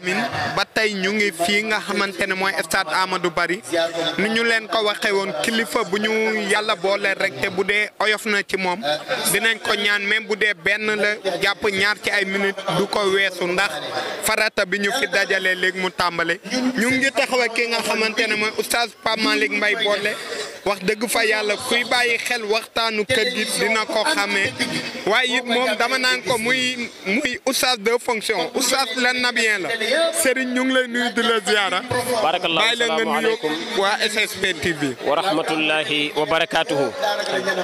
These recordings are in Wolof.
min ba tey ñu ngi fii nga xamante ne mooy stade Amadou Barry ni ñu leen ko waxee woon kilifa bu ñu yàlla boole rek te bu dee oyof na ci moom dinañ ko ñaan même bu dee benn la jàpp ñaar ci ay minutes du ko weesu ndax farata bi ñu fi dajalee léegi mu tàmbali ñu ngi taxaw ki nga xamante ne mooy oustaz Pape Malick mbay boole wax dëgg fa yàlla kuy bàyyi xel waxtaanu kër gi dina ko xamee waaye it moom dama naa ko muy muy oustaz de fonction oustaz la nabien la Serigne ñu ngi lay nuyu di la ziara. barakallahu salaamaaleykum la nga nuyu waa SSP TV. wa wa barakaatuhu.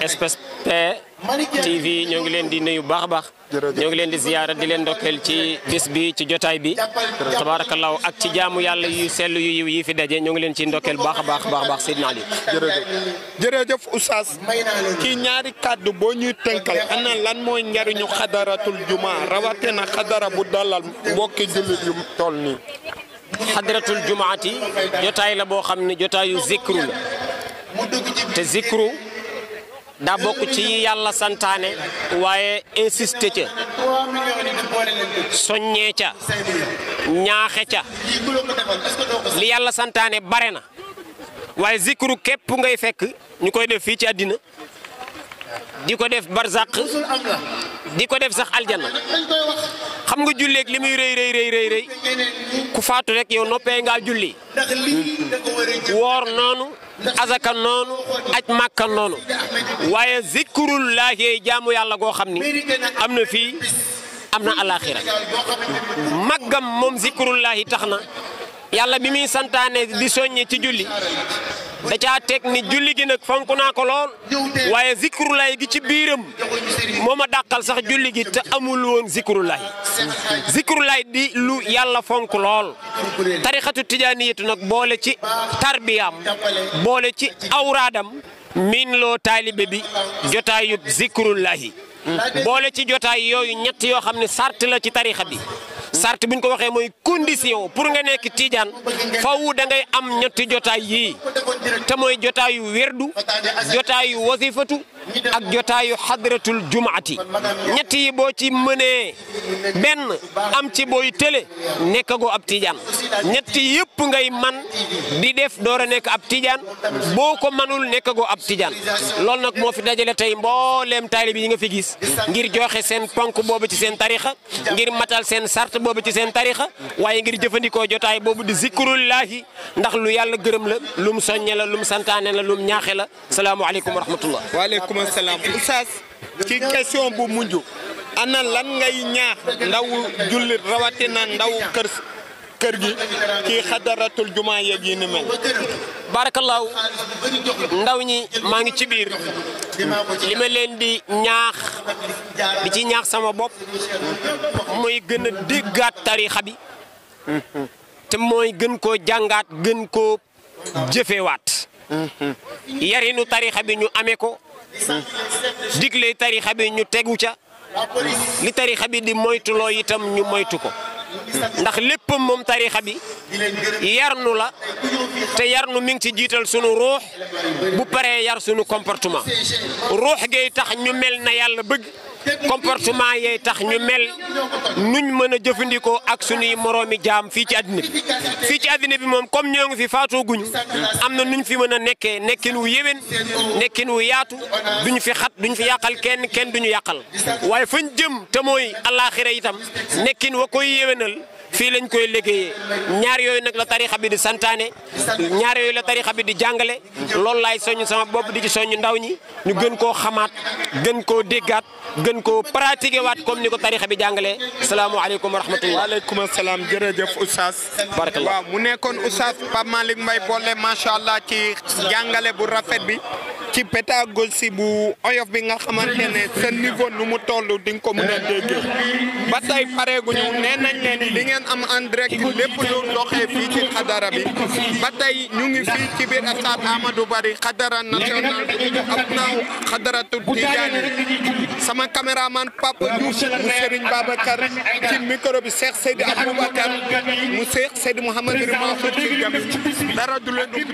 espèce P TV ñoo ngi leen di nuyu baax a baax ñoo ngi leen di ziyaara di leen ndokkeel ci bis bi ci jotaay bi tabaarakallaahu ak ci jaamu yàlla yu sell yu yi fi daje ñoo ngi leen ci ndokkeel baax a baax baax baax Seydina Ali jërëjëf oustaz kii ñaari kàddu boo ñuy tënkal ana lan mooy njariñu xadaratul juma rawatina xadara bu dalal mbokki jullit yu toll nii jumaati jotaay la boo xam ne jotaayu zikru la te zikru daa bokk ci yàlla santaane waaye insisté ca soññee ca ñaaxe ca li yàlla santaane bare na waaye zikru képp ngay fekk ñu koy def fii ci àddina di ko def barzaq di ko def sax aljanna xam nga julleeg li muy rëy rëy rëy rek yow noppee ngaa julli woor noonu azaka noonu aj màkka noonu waaye zikrullahi jaamu yàlla goo xam ni am na fii am na alaxira màggam moom zikrullahi tax na yàlla bi muy santaane di soññe ci julli da caa teg ni julli gi nag fonk naa ko lool waaye zikrulay gi ci biiram moo ma dàqal sax julli gi te amul woon zikrulay zikrulay di lu yàlla fonk lool tarixatu tiijaan tijaaniyatu nag boole ci tarbiyaam boole ci awraadam miin loo taalibe bi jotaayub zikrullahi boole ci jotaay yooyu ñetti yoo xam ne sart la ci tarixa bi sart buñ ko waxee mooy condition pour nga nekk tiijaan fawu da am ñetti jotaay yii te mooy jotaayu werdu jotaayu wasifatu ak jotaayu xadratul jumaati ñett yi boo ci mënee benn am ci booy tële nekkagoo ab tijaan ñetti yëpp ngay man di def door a nekk ab tijaan boo ko manul nekkagoo ab tijaan loolu nag moo fi dajale tey mbooleem taalib yi nga fi gis ngir joxe seen ponk boobu ci seen tarixa ngir matal seen sart boobu ci seen tarix waaye ngir jëfandikoo jotaay boobu di zikrullahi ndax lu yàlla gërëm la lum soññe la lum santaane la lum ñaaxe la salaamualeykum wa rahmatullah waaleykum salaam oustaz ci question bu mujj ana lan ngay ñaax ndaw jullit rawatina ndaw kër gi ci xadaratul jumaa yeeg yi ni mel. barakallahu ndaw ñi maa ngi ci biir li leen di ñaax di ci ñaax sama bopp mooy gën a déggaat tariixa bi te mooy gën koo jàngaat gën koo jëfewaat mm-hmm. yarinu tariixa bi ñu amee ko. digle tarixa bi ñu tegu ca li tarixa bi di moytuloo itam ñu moytu ko ndax lépp moom tarixa bi yarnu la te yarnu mi ngi ci jiital sunu ruux bu pare yar sunu comportement ruux gay tax ñu mel na yàlla bëgg comportement yee tax ñu mel nuñ mën a jëfandikoo ak suñuy moroomi jaam fii ci àddina bi fii ci àddina bi moom comme ñoo ngi fi faatooguñu am na nuñ fi mën a nekkee nekkin wu yéwén nekkin wu yaatu duñ fi xat duñ fi yàqal kenn kenn duñu yàqal waaye fañ jëm te mooy àllaaxira itam nekkin wa koy yéwénal fii lañ koy léggéey ñaar yooyu nag la tarixa bi di santaane ñaar yooyu la tarixa bi di jàngale loolu laay soññ sama bopp di ci soññ ndaw ñi ñu gën koo xamaat gën koo déggaat gën koo pratiquer waat comme ni ko tarixa bi jàngalee salaamaaleykum wa rahmatullah waaleykum salaam jërëjëf oustaz barakallah waaw mu nekkoon oustaz Pape Malick Mbaye boole macha allah ci jàngale bu rafet bi ci pédagogie bu oyof bi nga xamante ne sa niveau nu mu toll di nga ko mën a déggee ba tey pareeguñu nee leen di ngeen am en direct lépp lu doxee fii ci xadara bi ba ñu ngi fii ci biir stade Amadou Barry xadara national ab naaw xadaratu Tijaani sama caméraman Papa mu Serigne Babacar ci micro bi Cheikh Seydi Aboubacar mu Cheikh Seydi Mouhamadou Mansour ci gam dara du